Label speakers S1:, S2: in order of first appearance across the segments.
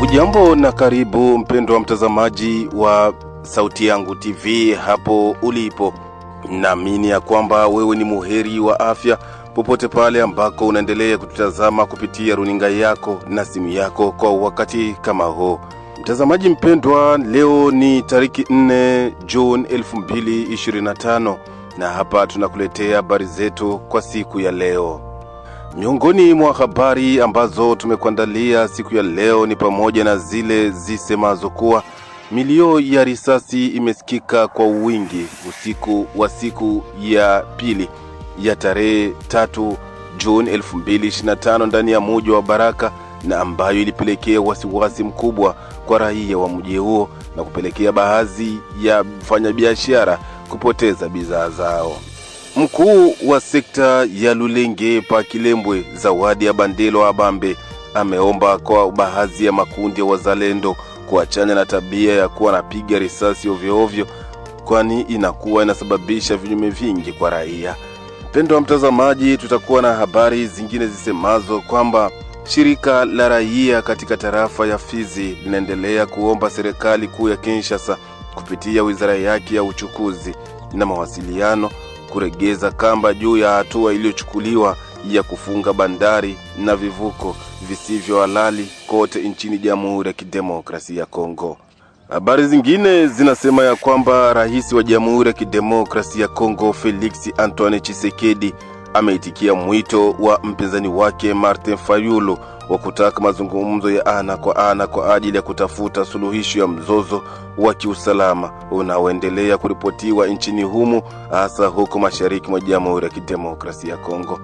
S1: Hujambo na karibu mpendwa mtazamaji wa Sauti Yangu TV hapo ulipo. Naamini ya kwamba wewe ni muheri wa afya popote pale ambako unaendelea kututazama kupitia runinga yako na simu yako kwa wakati kama huu Mtazamaji mpendwa, leo ni tariki 4 Juni 2025 na hapa tunakuletea habari zetu kwa siku ya leo. Miongoni mwa habari ambazo tumekuandalia siku ya leo ni pamoja na zile zisemazo kuwa milio ya risasi imesikika kwa wingi usiku wa siku ya pili ya tarehe 3 Juni 2025 ndani ya mji wa Baraka na ambayo ilipelekea wasiwasi mkubwa kwa raia wa mji huo na kupelekea baadhi ya mfanyabiashara kupoteza bidhaa zao. Mkuu wa sekta ya Lulenge pa Kilembwe Zawadi ya Bandelo Abambe ameomba kwa baadhi ya makundi ya wazalendo kuachana na tabia ya kuwa napiga risasi ovyoovyo, kwani inakuwa inasababisha vinyume vingi kwa raia. Mpendo wa mtazamaji, tutakuwa na habari zingine zisemazo kwamba shirika la raia katika tarafa ya Fizi linaendelea kuomba serikali kuu ya Kinshasa kupitia wizara yake ya uchukuzi na mawasiliano kuregeza kamba juu ya hatua iliyochukuliwa ya kufunga bandari na vivuko visivyo halali kote nchini Jamhuri ya Kidemokrasia ya Kongo. Habari zingine zinasema ya kwamba rais wa Jamhuri ya Kidemokrasia ya Kongo Felix Antoine Tshisekedi ameitikia mwito wa mpinzani wake Martin Fayulu wa kutaka mazungumzo ya ana kwa ana kwa ajili ya kutafuta suluhisho ya mzozo wa kiusalama unaoendelea kuripotiwa nchini humo hasa huko mashariki mwa Jamhuri ya Kidemokrasia ya Kongo.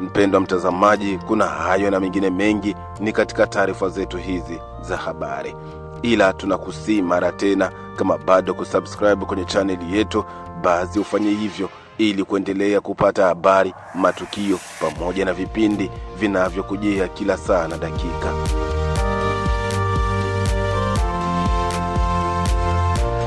S1: Mpendwa mtazamaji, kuna hayo na mengine mengi ni katika taarifa zetu hizi za habari, ila tunakusii mara tena, kama bado kusubscribe kwenye chaneli yetu, basi ufanye hivyo ili kuendelea kupata habari, matukio pamoja na vipindi vinavyokujia kila saa na dakika.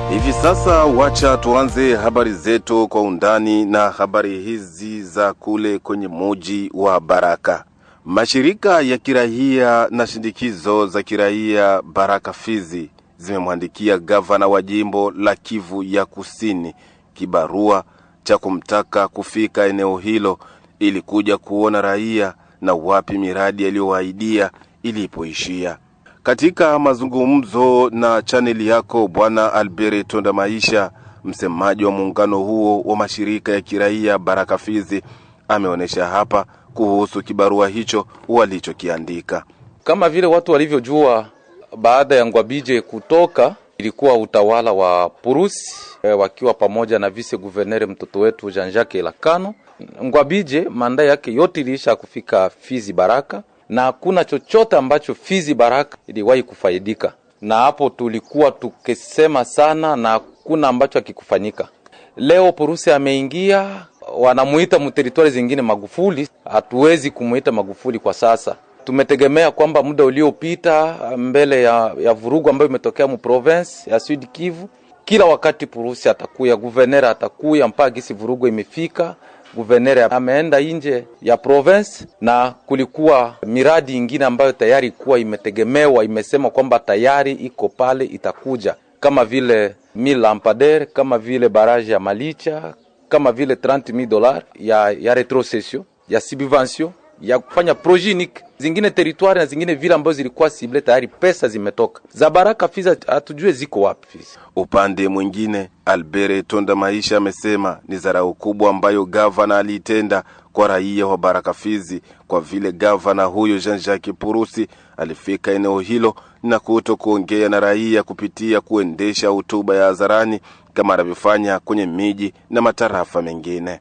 S1: Hivi sasa wacha tuanze habari zetu kwa undani na habari hizi za kule kwenye muji wa Baraka. Mashirika ya kiraia na shindikizo za kiraia Baraka Fizi zimemwandikia gavana wa jimbo la Kivu ya Kusini kibarua cha kumtaka kufika eneo hilo ili kuja kuona raia na wapi miradi aliyowaahidia ilipoishia. Katika mazungumzo na chaneli yako Bwana Albert Tonda Maisha, msemaji wa muungano huo wa mashirika ya kiraia Baraka Fizi, ameonyesha hapa kuhusu kibarua hicho walichokiandika. Kama vile watu walivyojua baada ya Ngwabije kutoka ilikuwa utawala wa Purusi e, wakiwa pamoja na vice guvernere mtoto wetu Jean-Jacques Lacano Ngwabije. Manda yake yote iliisha kufika Fizi Baraka, na hakuna chochote ambacho Fizi Baraka iliwahi kufaidika na hapo. Tulikuwa tukisema sana na hakuna ambacho akikufanyika. Leo Purusi ameingia, wanamuita muteritwari zingine Magufuli. Hatuwezi kumuita Magufuli kwa sasa tumetegemea kwamba muda uliopita uh, mbele ya, ya vurugu ambayo imetokea mu province ya Sud Kivu, kila wakati purusi atakuya, guvernera atakuya mpaka gisi vurugu imefika guvernere ameenda nje ya province, na kulikuwa miradi ingine ambayo tayari kuwa imetegemewa, imesema kwamba tayari iko pale, itakuja kama vile mil lampader, kama vile baraje ya Malicha, kama vile 30000 dollars ya, ya retrocession ya subvention ya kufanya projet zingine teritwari na zingine vile ambazo zilikuwa sible tayari pesa zimetoka za baraka fiza, hatujue ziko wapi fiza. Upande mwingine, Albert Tonda Maisha amesema ni dharau kubwa ambayo gavana aliitenda kwa raia wa Baraka Fizi, kwa vile gavana huyo Jean-Jacques Purusi alifika eneo hilo na kuto kuongea na raia kupitia kuendesha hotuba ya hadharani kama anavyofanya kwenye miji na matarafa mengine.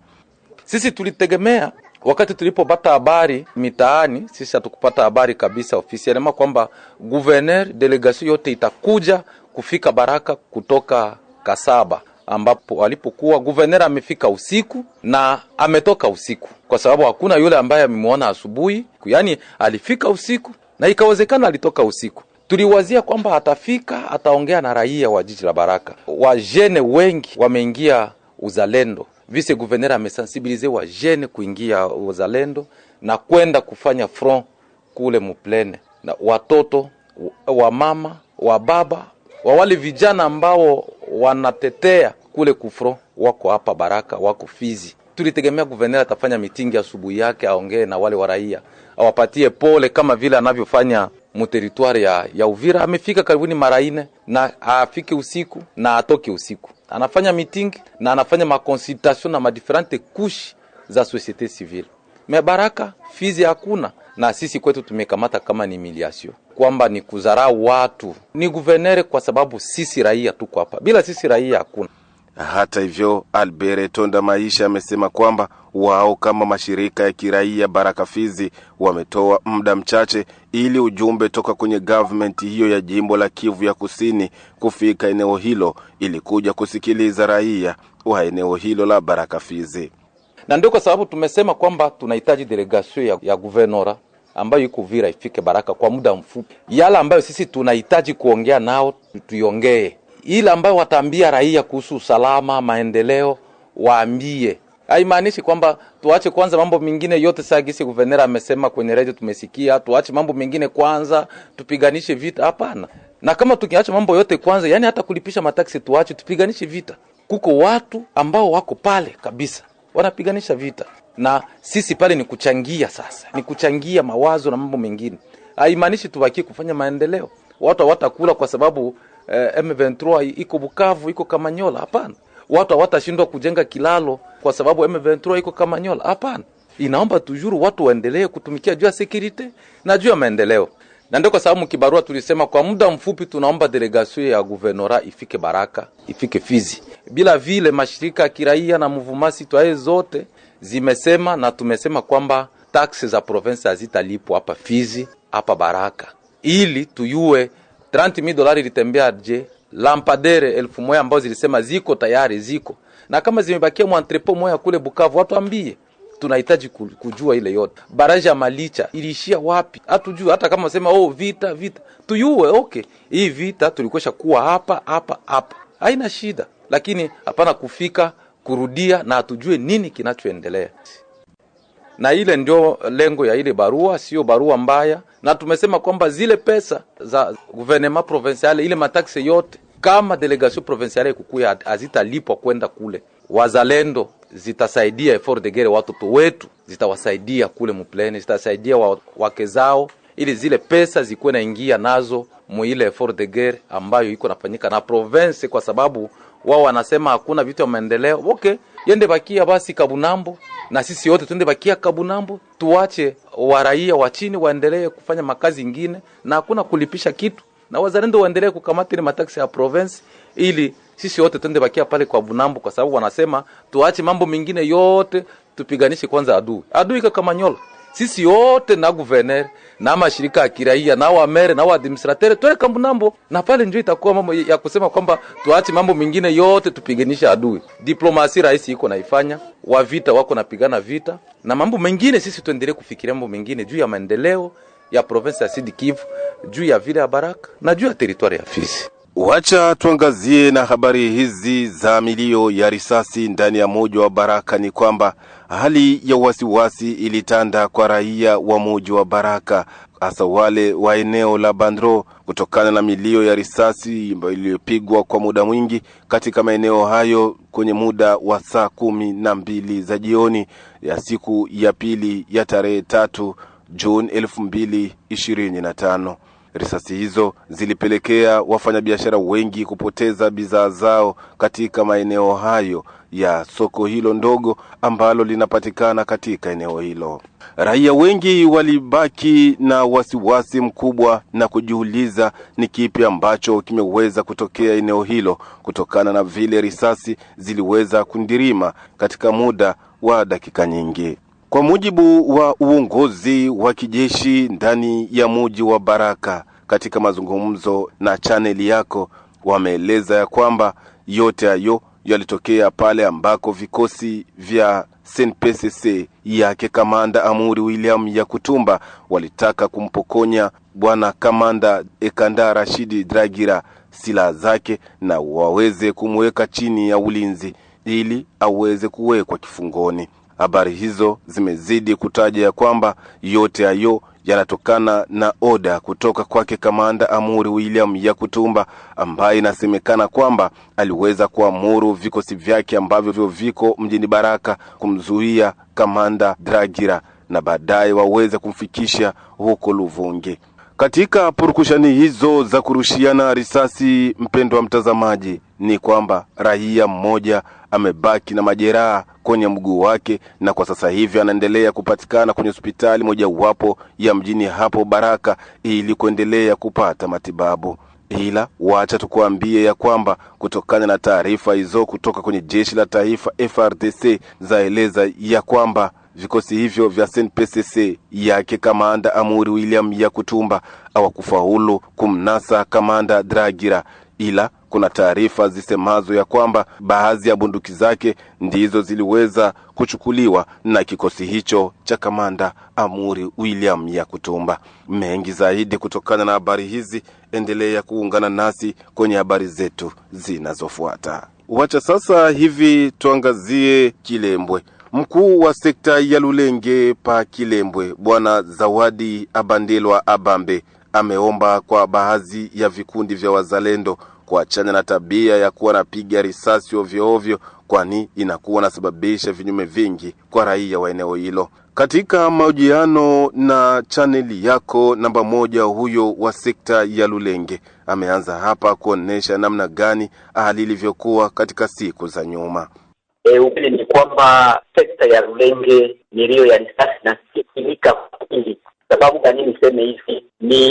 S1: Sisi tulitegemea Wakati tulipopata habari mitaani, sisi hatukupata habari kabisa ofisi ama kwamba guverner delegation yote itakuja kufika Baraka kutoka Kasaba, ambapo alipokuwa guverner amefika usiku na ametoka usiku, kwa sababu hakuna yule ambaye amemwona asubuhi. Yaani alifika usiku na ikawezekana alitoka usiku. Tuliwazia kwamba atafika, ataongea na raia wa jiji la Baraka. Wajene wengi wameingia uzalendo vice guverner amesensibilize wa jeune kuingia uzalendo na kwenda kufanya front kule muplene, na watoto wa mama wa baba wa wale vijana ambao wanatetea kule kufro wako hapa Baraka, wako Fizi. Tulitegemea guverner atafanya mitingi asubuhi ya yake, aongee na wale wa raia, awapatie pole kama vile anavyofanya muteritwari ya, ya Uvira amefika karibuni mara ine, na afike usiku na atoke usiku. Anafanya meeting na anafanya makonsultation na madiferente kushi za societe civile. Mebaraka Fizi hakuna, na sisi kwetu tumekamata kama ni miliasio kwamba ni kuzarau watu, ni guvernere, kwa sababu sisi raia tuko hapa, bila sisi raia hakuna hata hivyo, Albert Tonda Maisha amesema kwamba wao kama mashirika ya kiraia Baraka Fizi wametoa muda mchache ili ujumbe toka kwenye government hiyo ya jimbo la Kivu ya Kusini kufika eneo hilo ili kuja kusikiliza raia wa eneo hilo la Baraka Fizi. Na ndio kwa sababu tumesema kwamba tunahitaji delegation ya, ya guvernora ambayo iko Vira ifike Baraka kwa muda mfupi. Yala ambayo sisi tunahitaji kuongea nao tuiongee ile ambayo wataambia raia kuhusu usalama, maendeleo, waambie haimaanishi kwamba tuache kwanza mambo mengine yote. Saa gisi guvenera amesema kwenye redio, tumesikia tuache mambo mengine kwanza, tupiganishe vita. Hapana, na kama tukiacha mambo yote kwanza, yani hata kulipisha mataksi tuache, tupiganishe vita. Kuko watu ambao wako pale kabisa wanapiganisha vita, na sisi pale ni kuchangia. Sasa ni kuchangia mawazo na mambo mengine, haimaanishi tubakie kufanya maendeleo. Watu hawatakula kwa sababu eh, M23 iko Bukavu, iko Kamanyola? Hapana, watu hawatashindwa kujenga kilalo kwa sababu M23 iko Kamanyola? Hapana, inaomba tujuru watu waendelee kutumikia juu ya security na juu ya maendeleo na ndio kwa sababu kibarua tulisema kwa muda mfupi tunaomba delegasio ya guvernora ifike Baraka, ifike Fizi, bila vile mashirika ya kiraia na mvumasi twaye zote zimesema na tumesema kwamba taksi za provensi hazitalipwa hapa Fizi, hapa Baraka, ili tuyue 30000 dolari je Lampadere elfu moja ambazo zilisema ziko tayari ziko, na kama zimebakia mwantrepo moya kule Bukavu, watu ambie tunahitaji kujua ile yote. Baraja ya Malicha iliishia wapi? Hatujui hata kama sema oh, vita vita, tuyue okay, hii vita tulikwesha kuwa hapa hapa hapa, haina shida, lakini hapana kufika kurudia, na hatujue nini kinachoendelea na ile ndio lengo ya ile barua, sio barua mbaya. Na tumesema kwamba zile pesa za gouvernement provincial, ile mataxe yote kama delegation provinciale ikukuya hazitalipwa kwenda kule, wazalendo zitasaidia effort de guerre, watoto wetu zitawasaidia kule muplene, zitasaidia wa, wake zao, ili zile pesa zikuwe naingia nazo muile effort de guerre ambayo iko nafanyika na province, kwa sababu wao wanasema hakuna vitu vya maendeleo. Okay, yende bakia basi Kabunambo, na sisi wote twende bakia Kabunambo, tuwache waraia wa chini waendelee kufanya makazi ingine, na hakuna kulipisha kitu, na wazalendo waendelee kukamata ile mataksi ya province, ili sisi wote twende bakia pale kwa Bunambo, kwa sababu wanasema tuache mambo mengine yote, tupiganishe kwanza adui. Adui iko Kamanyola sisi yote na guverner na mashirika ya kiraia na wamere na waadministrateur twele nambo na pale njoo itakuwa mambo ya kusema kwamba tuache mambo mengine yote, tupiganisha adui. Diplomasi rahisi iko naifanya, wa vita wako napigana vita na mambo mengine, sisi tuendelee kufikiria mambo mengine juu ya maendeleo ya province ya Sud Kivu, juu ya vile ya Baraka na juu ya teritwari ya Fizi. Wacha tuangazie na habari hizi za milio ya risasi ndani ya moja wa Baraka. Ni kwamba hali ya wasiwasi ilitanda kwa raia wa moja wa Baraka, hasa wale wa eneo la Bandro, kutokana na milio ya risasi iliyopigwa kwa muda mwingi katika maeneo hayo kwenye muda wa saa kumi na mbili za jioni ya siku ya pili ya tarehe tatu Juni elfu mbili ishirini na tano. Risasi hizo zilipelekea wafanyabiashara wengi kupoteza bidhaa zao katika maeneo hayo ya soko hilo ndogo ambalo linapatikana katika eneo hilo. Raia wengi walibaki na wasiwasi mkubwa na kujiuliza ni kipi ambacho kimeweza kutokea eneo hilo, kutokana na vile risasi ziliweza kundirima katika muda wa dakika nyingi. Kwa mujibu wa uongozi wa kijeshi ndani ya muji wa Baraka, katika mazungumzo na chaneli yako, wameeleza ya kwamba yote hayo yalitokea pale ambako vikosi vya SNPCC yake kamanda Amuri William Yakutumba walitaka kumpokonya bwana kamanda Ekanda Rashidi Dragira silaha zake na waweze kumweka chini ya ulinzi ili aweze kuwekwa kifungoni. Habari hizo zimezidi kutaja ya kwamba yote hayo yanatokana na oda kutoka kwake Kamanda Amuri William Yakutumba, ambaye inasemekana kwamba aliweza kuamuru vikosi vyake ambavyo viko mjini Baraka kumzuia Kamanda Dragira na baadaye waweze kumfikisha huko Luvungi. Katika purukushani hizo za kurushiana risasi, mpendwa mtazamaji, ni kwamba raia mmoja amebaki na majeraha kwenye mguu wake na kwa sasa hivi anaendelea kupatikana kwenye hospitali mojawapo ya mjini hapo Baraka ili kuendelea kupata matibabu. Ila wacha tukuambie ya kwamba kutokana na taarifa hizo kutoka kwenye jeshi la taifa FRDC zaeleza ya kwamba vikosi hivyo vya SNPCC yake kamanda Amuri William ya kutumba hawakufaulu kumnasa kamanda Dragira ila kuna taarifa zisemazo ya kwamba baadhi ya bunduki zake ndizo ziliweza kuchukuliwa na kikosi hicho cha kamanda Amuri William ya kutumba Mengi zaidi kutokana na habari hizi, endelea kuungana nasi kwenye habari zetu zinazofuata. Wacha sasa hivi tuangazie Kilembwe. Mkuu wa sekta ya Lulenge pa Kilembwe, Bwana Zawadi Abandelwa Abambe ameomba kwa baadhi ya vikundi vya wazalendo kuachana na tabia ya kuwa napiga risasi ovyoovyo, kwani inakuwa nasababisha vinyume vingi kwa raia wa eneo hilo. Katika mahojiano na chaneli yako namba moja, huyo wa sekta ya Lulenge ameanza hapa kuonyesha namna gani hali ilivyokuwa katika siku za nyuma.
S2: E, ukweli ni kwamba sekta ya Lulenge milio ya risasi na sikilika kingi. Sababu gani niseme hivi? Ni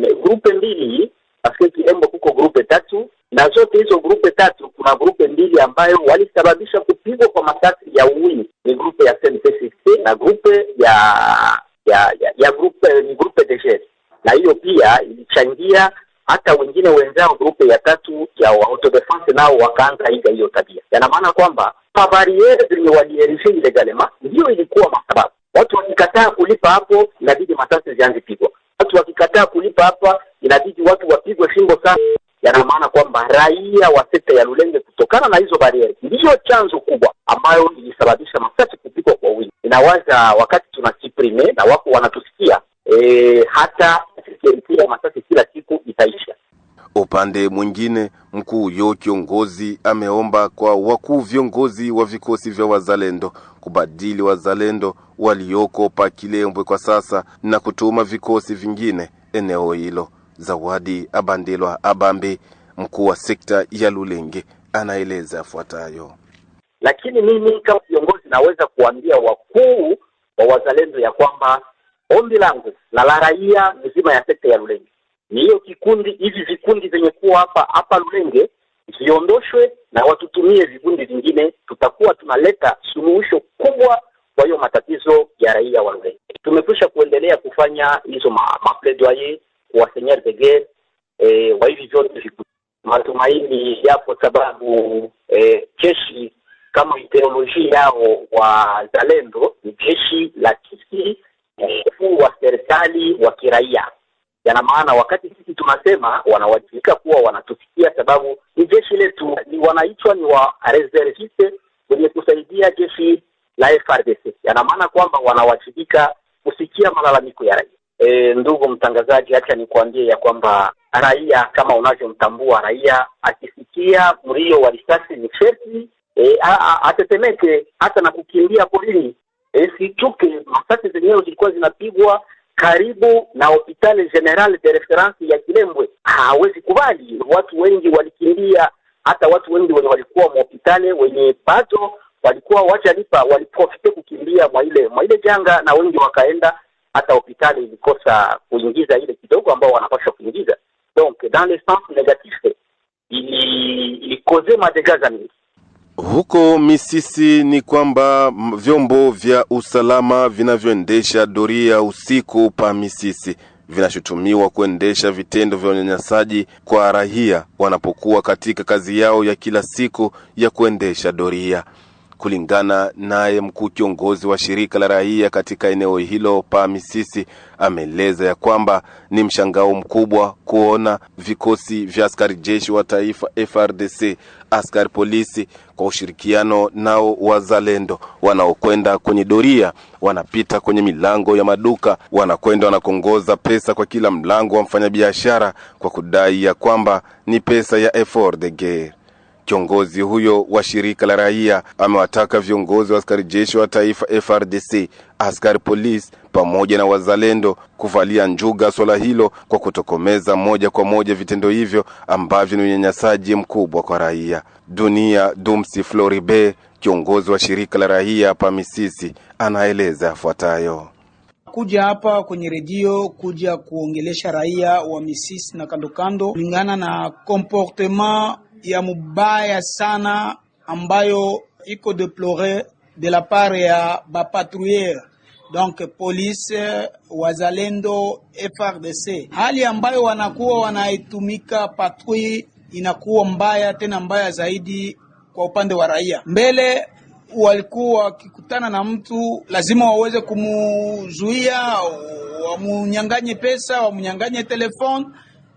S2: grupe mbili paske Kiembo kuko grupe tatu, na zote hizo grupe tatu kuna grupe mbili ambayo walisababisha kupigwa kwa masasi ya uwingi, ni grupe ya CNPSC na grupe ya ya ya, ya grupe ni grupe DGS, na hiyo pia ilichangia hata wengine wenzao grupe ya tatu ya autodefense nao wakaanza iga hiyo tabia. Yana maana kwamba mabariere zenye ile galema ndiyo ilikuwa masababu, watu wakikataa kulipa hapo inabidi masasi zianze pigwa watu wakikataa kulipa hapa, inabidi watu wapigwe fimbo sana. Yana maana kwamba raia wa sekta ya Lulenge, kutokana na hizo bariere, ndiyo chanzo kubwa ambayo ilisababisha masasi kupigwa kwa wingi. Inawaza wakati tuna tunasiprime na wako wanatusikia e, hata ya masasi kila siku itaisha.
S1: Upande mwingine mkuu yo kiongozi ameomba kwa wakuu viongozi wa vikosi vya wazalendo kubadili wazalendo walioko pa kilembwe kwa sasa na kutuma vikosi vingine eneo hilo. Zawadi Abandelwa Abambe, mkuu wa sekta ya Lulenge, anaeleza yafuatayo.
S2: Lakini mimi kama kiongozi naweza kuambia wakuu wa wazalendo ya kwamba ombi langu na la raia mzima ya sekta ya Lulenge ni hiyo kikundi, hivi vikundi vyenye kuwa hapa hapa Lulenge ziondoshwe na watutumie vikundi vingine, tutakuwa tunaleta suluhisho kubwa kwa hiyo matatizo ya raia wa Lure. Tumekwisha kuendelea kufanya hizo mapledoyer kwa seigneur de guerre eh, wa hivi vyote vikundi. Matumaini yapo sababu e, jeshi kama ideolojia yao wa zalendo ni jeshi la kisi fuu eh, wa serikali wa kiraia. Yana maana wakati sisi tunasema wanawajibika kuwa wanatusikia, sababu wanaitwa ni wa reserviste wenye kusaidia jeshi la FRDC, yana maana kwamba wanawajibika kusikia malalamiko ya raia. E, ndugu mtangazaji, acha nikuambie ya kwamba raia kama unavyomtambua raia, akisikia mlio wa risasi ni sherti e, atetemeke hata na kukimbia porini. E, sichuke, masasi zenyewe zilikuwa zinapigwa karibu na hospitali general de reference ya Kilembwe. Hawezi kubali, watu wengi walikimbia hata watu wengi wenye walikuwa mhospitali wenye pato walikuwa wachalipa waliprofite kukimbia mwa ile mwa ile janga, na wengi wakaenda hata hospitali ilikosa kuingiza ile kidogo ambao wanapaswa kuingiza. Donc dans le sens négatif ili ilikoze madegaza mingi
S1: huko Misisi ni kwamba vyombo vya usalama vinavyoendesha doria usiku pa Misisi vinashutumiwa kuendesha vitendo vya unyanyasaji kwa raia wanapokuwa katika kazi yao ya kila siku ya kuendesha doria. Kulingana naye, mkuu kiongozi wa shirika la raia katika eneo hilo pa Misisi ameeleza ya kwamba ni mshangao mkubwa kuona vikosi vya askari jeshi wa taifa FRDC, askari polisi kwa ushirikiano nao wazalendo wanaokwenda kwenye doria, wanapita kwenye milango ya maduka, wanakwenda wanakongoza pesa kwa kila mlango wa mfanyabiashara kwa kudai ya kwamba ni pesa ya effort Kiongozi huyo wa shirika la raia amewataka viongozi wa askari jeshi wa taifa FRDC, askari polisi pamoja na wazalendo kuvalia njuga swala hilo kwa kutokomeza moja kwa moja vitendo hivyo ambavyo ni unyanyasaji mkubwa kwa raia. Dunia Dumsi Floribe, kiongozi wa shirika la raia hapa Misisi, anaeleza yafuatayo
S3: kuja hapa kwenye redio kuja kuongelesha raia wa Misisi na kandokando kulingana na comportement ya mubaya sana ambayo iko deplore de la part ya bapatrouilleur donc police wazalendo FRDC, hali ambayo wanakuwa wanaitumika patrui inakuwa mbaya tena mbaya zaidi kwa upande wa raia. Mbele walikuwa wakikutana na mtu lazima waweze kumuzuia, wamunyanganye pesa, wamunyanganye telefone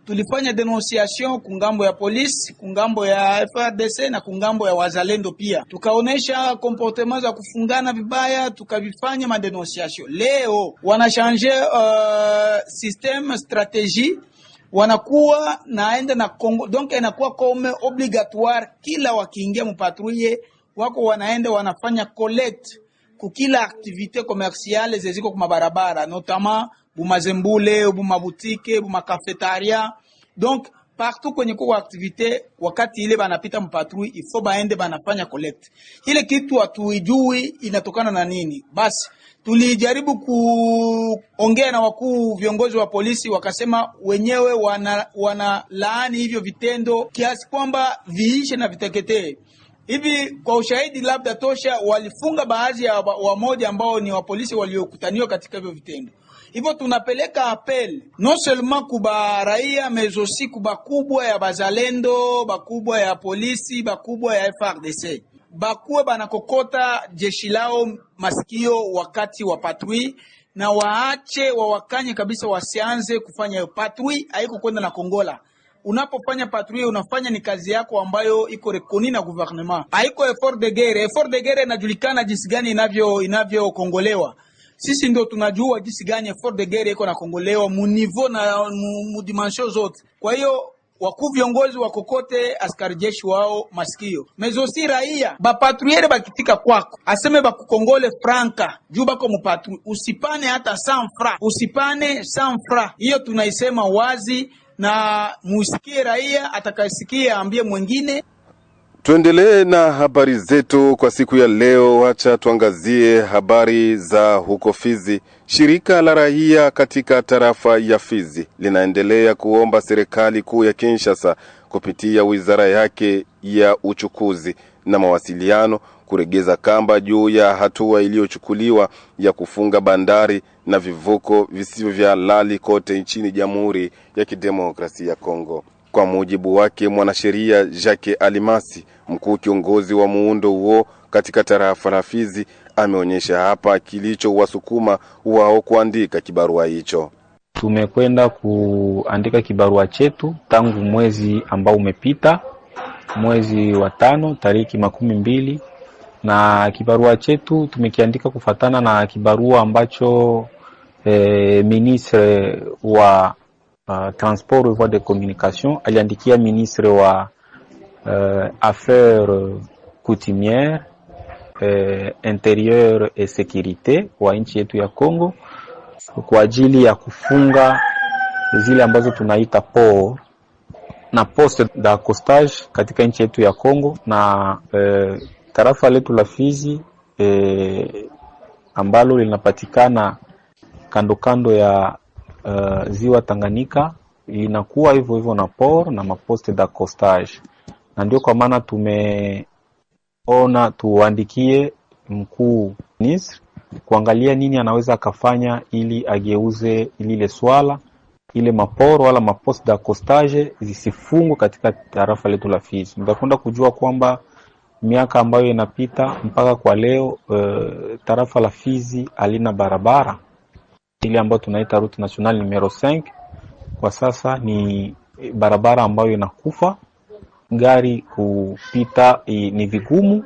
S3: tulifanya denunciation kungambo ya polisi, kungambo ya FRDC na kungambo ya wazalendo pia, tukaonesha comportement za kufungana vibaya, tukavifanya madenunciation. Leo wanachange uh, system strategie wanakuwa naenda na Kongo, donc inakuwa comme obligatoire, kila wakiingia mpatrouille wako wanaenda wanafanya collect kukila activité commerciale zeziko kumabarabara notamment bumazembule, bumabutike, bumakafetaria. Donc partout kwenye kuko activite, wakati ile banapita mpatrui ifo baende banafanya collect. Ile kitu hatuijui inatokana na nini. Basi tulijaribu kuongea na wakuu viongozi wa polisi, wakasema wenyewe wana, wana laani hivyo vitendo kiasi kwamba viishe na viteketee hivi kwa ushahidi labda tosha, walifunga baadhi ya wamoja ambao ni wapolisi waliokutaniwa katika hivyo vitendo hivyo tunapeleka apel non seulement kuba raia aussi kuba kubwa ya bazalendo, bakubwa ya polisi, bakubwa ya FRDC bakuwe banakokota jeshi lao masikio wakati wa patwi na waache wawakanye kabisa, wasianze kufanya patwi. Haiko kwenda na Kongola. Unapofanya patrui, unafanya ni kazi yako ambayo iko rekoni na gouvernement, haiko effort de guerre. Effort de guerre inajulikana jinsi gani inavyo inavyokongolewa sisi ndio tunajua jinsi gani effort de guerre iko nakongolewa munivo na mudimansio zote. Kwa hiyo wakuu viongozi wakokote askari jeshi wao masikio mezosi raia bapatruere bakitika kwako aseme bakukongole franka juu bako mupatru usipane hata sanfra usipane fra hiyo tunaisema wazi na musikie raia atakayesikia ambie mwengine
S1: Tuendelee na habari zetu kwa siku ya leo. wacha tuangazie habari za huko Fizi. Shirika la raia katika tarafa ya Fizi linaendelea kuomba serikali kuu ya Kinshasa kupitia wizara yake ya uchukuzi na mawasiliano kuregeza kamba juu ya hatua iliyochukuliwa ya kufunga bandari na vivuko visivyo vya halali kote nchini Jamhuri ya Kidemokrasia ya Kongo. Kwa mujibu wake mwanasheria Jacques Alimasi, mkuu kiongozi wa muundo huo katika tarafa la Fizi, ameonyesha hapa kilichowasukuma wao kuandika kibarua hicho.
S4: Tumekwenda kuandika kibarua chetu tangu mwezi ambao umepita, mwezi wa tano tariki makumi mbili, na kibarua chetu tumekiandika kufatana na kibarua ambacho eh, ministre wa uh, transport voie de communication aliandikia ministre wa uh, affaires euh, coutumières uh, intérieur et sécurité wa nchi yetu ya congo kwa ajili ya kufunga zile ambazo tunaita po na poste da costage katika nchi yetu ya congo na uh, tarafa letu la Fizi uh, ambalo linapatikana kando kando ya uh, ziwa Tanganyika inakuwa hivyo hivyo na port na maposte da costage, na ndio kwa maana tumeona tuandikie mkuu ministri kuangalia nini anaweza akafanya ili ageuze lile swala ile maporo wala maposte da costage zisifungwe katika tarafa letu la Fizi. Mtakwenda kujua kwamba miaka ambayo inapita mpaka kwa leo, uh, tarafa la Fizi halina barabara ile ambayo tunaita route nationale numero 5 kwa sasa ni barabara ambayo inakufa, gari kupita ni vigumu.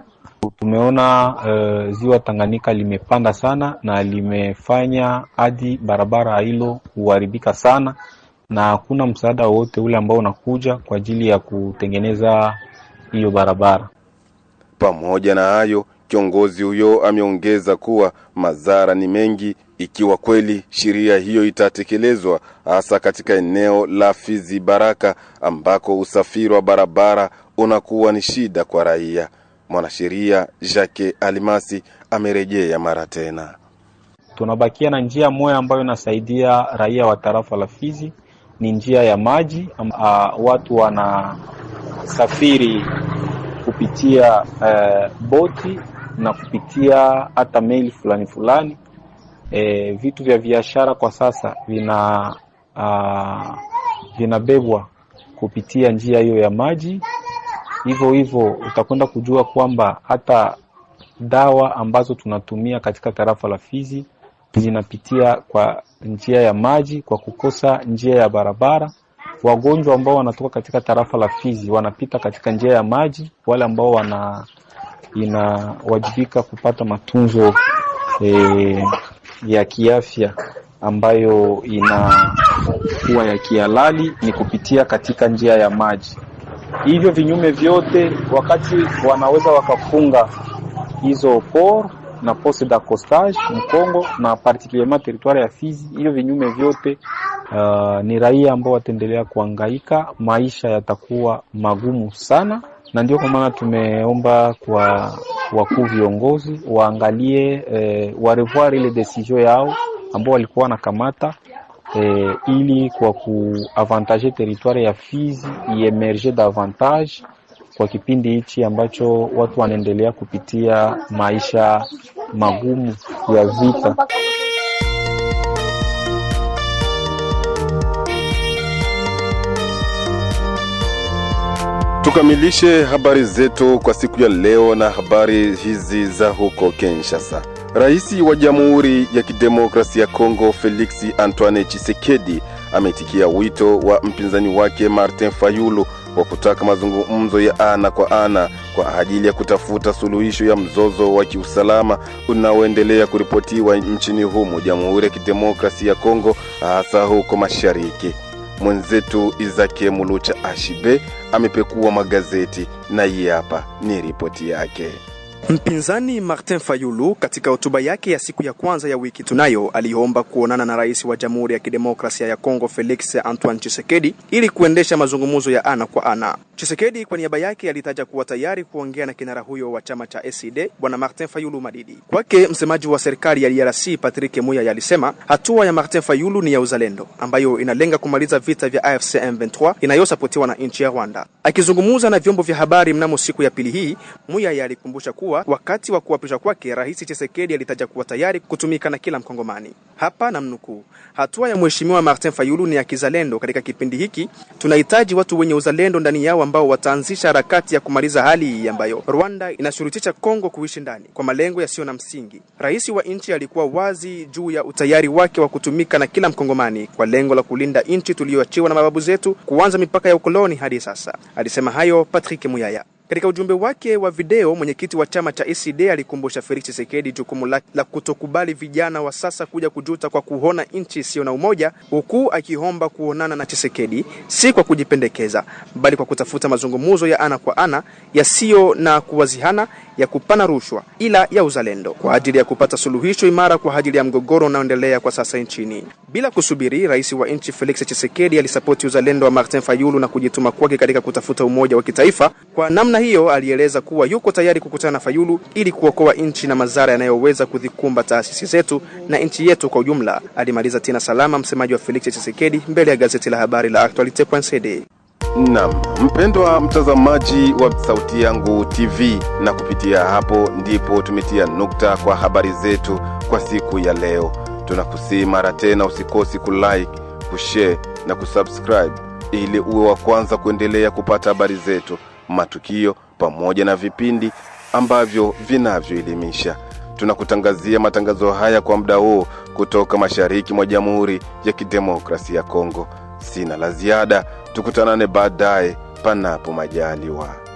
S4: Tumeona uh, ziwa Tanganyika limepanda sana na limefanya hadi barabara hilo kuharibika sana, na hakuna msaada wowote ule ambao unakuja kwa ajili ya kutengeneza hiyo barabara.
S1: Pamoja na hayo Kiongozi huyo ameongeza kuwa madhara ni mengi ikiwa kweli sheria hiyo itatekelezwa, hasa katika eneo la Fizi Baraka ambako usafiri wa barabara unakuwa ni shida kwa raia. Mwanasheria Jacques Alimasi amerejea mara tena,
S4: tunabakia na njia moja ambayo inasaidia raia wa tarafa la Fizi, ni njia ya maji. Uh, watu wanasafiri kupitia uh, boti na kupitia hata mail fulani fulani. E, vitu vya biashara kwa sasa vina uh, vinabebwa kupitia njia hiyo ya maji. Hivyo hivyo utakwenda kujua kwamba hata dawa ambazo tunatumia katika tarafa la Fizi zinapitia kwa njia ya maji kwa kukosa njia ya barabara. Wagonjwa ambao wanatoka katika tarafa la Fizi wanapita katika njia ya maji, wale ambao wana inawajibika kupata matunzo e, ya kiafya ambayo inakuwa ya kihalali ni kupitia katika njia ya maji. Hivyo vinyume vyote, wakati wanaweza wakafunga hizo por na poste d'accostage Mkongo na particulierement territoire ya Fizi, hivyo vinyume vyote uh, ni raia ambao wataendelea kuangaika, maisha yatakuwa magumu sana na ndio kwa maana tumeomba kwa wakuu viongozi waangalie e, eh, warevoir ile decision yao ambao walikuwa wanakamata e, ili kwa kuavantage territoire ya Fizi iemerge davantage kwa kipindi hichi ambacho watu wanaendelea kupitia maisha magumu ya vita.
S1: Tukamilishe habari zetu kwa siku ya leo na habari hizi za huko Kinshasa. Rais wa Jamhuri ya Kidemokrasia ya Kongo Felix Antoine Tshisekedi ameitikia wito wa mpinzani wake Martin Fayulu wa kutaka mazungumzo ya ana kwa ana kwa ajili ya kutafuta suluhisho ya mzozo wa kiusalama unaoendelea kuripotiwa nchini humo Jamhuri ya Kidemokrasia ya Kongo hasa huko mashariki. Mwenzetu Izaki Mulucha Ashibe amepekua magazeti na hii hapa ni ripoti yake.
S5: Mpinzani Martin Fayulu katika hotuba yake ya siku ya kwanza ya wiki tunayo aliomba kuonana na rais wa Jamhuri ya Kidemokrasia ya Kongo Felix Antoine Tshisekedi ili kuendesha mazungumzo ya ana kwa ana. Tshisekedi kwa niaba yake alitaja kuwa tayari kuongea na kinara huyo wa chama cha SID bwana Martin Fayulu Madidi. Kwake msemaji wa serikali ya DRC Patrick muya alisema hatua ya Martin Fayulu ni ya uzalendo ambayo inalenga kumaliza vita vya AFC M23 inayosapotiwa na nchi ya Rwanda. Akizungumza na vyombo vya habari mnamo siku ya pili hii, Muya alikumbusha kuwa kuwa wakati wa kuapishwa kwake, Rais chisekedi alitaja kuwa tayari kutumika na kila Mkongomani. Hapa na mnukuu, hatua ya Mheshimiwa Martin Fayulu ni ya kizalendo. Katika kipindi hiki tunahitaji watu wenye uzalendo ndani yao ambao wataanzisha harakati ya kumaliza hali hii ambayo Rwanda inashurutisha Kongo kuishi ndani kwa malengo yasiyo na msingi. Rais wa nchi alikuwa wazi juu ya utayari wake wa kutumika na kila Mkongomani kwa lengo la kulinda nchi tuliyoachiwa na mababu zetu kuanza mipaka ya ukoloni hadi sasa. Alisema hayo Patrick Muyaya. Katika ujumbe wake wa video, mwenyekiti wa chama cha ACD alikumbusha Felix Tshisekedi jukumu la, kutokubali vijana wa sasa kuja kujuta kwa kuona nchi isiyo na umoja, huku akiomba kuonana na Tshisekedi si kwa kujipendekeza, bali kwa kutafuta mazungumzo ya ana kwa ana yasiyo na kuwazihana ya kupana rushwa, ila ya uzalendo kwa ajili ya kupata suluhisho imara kwa ajili ya mgogoro unaoendelea kwa sasa nchini. Bila kusubiri, rais wa nchi Felix Tshisekedi alisapoti uzalendo wa Martin Fayulu na kujituma kwake katika kutafuta umoja wa kitaifa kwa namna Namna hiyo alieleza kuwa yuko tayari kukutana na Fayulu ili kuokoa nchi na madhara yanayoweza kudhikumba taasisi zetu na nchi yetu kwa ujumla, alimaliza Tina Salama, msemaji wa Felix Tshisekedi mbele ya gazeti la habari la Actualite.cd.
S1: Naam, mpendwa mtazamaji wa Sauti Yangu TV, na kupitia hapo ndipo tumetia nukta kwa habari zetu kwa siku ya leo. Tunakusii mara tena usikosi kulike, kushare na kusubscribe ili uwe wa kwanza kuendelea kupata habari zetu matukio pamoja na vipindi ambavyo vinavyoelimisha. Tunakutangazia matangazo haya kwa muda huu kutoka mashariki mwa Jamhuri ya Kidemokrasia ya Kongo. Sina la ziada, tukutanane baadaye panapo majaliwa.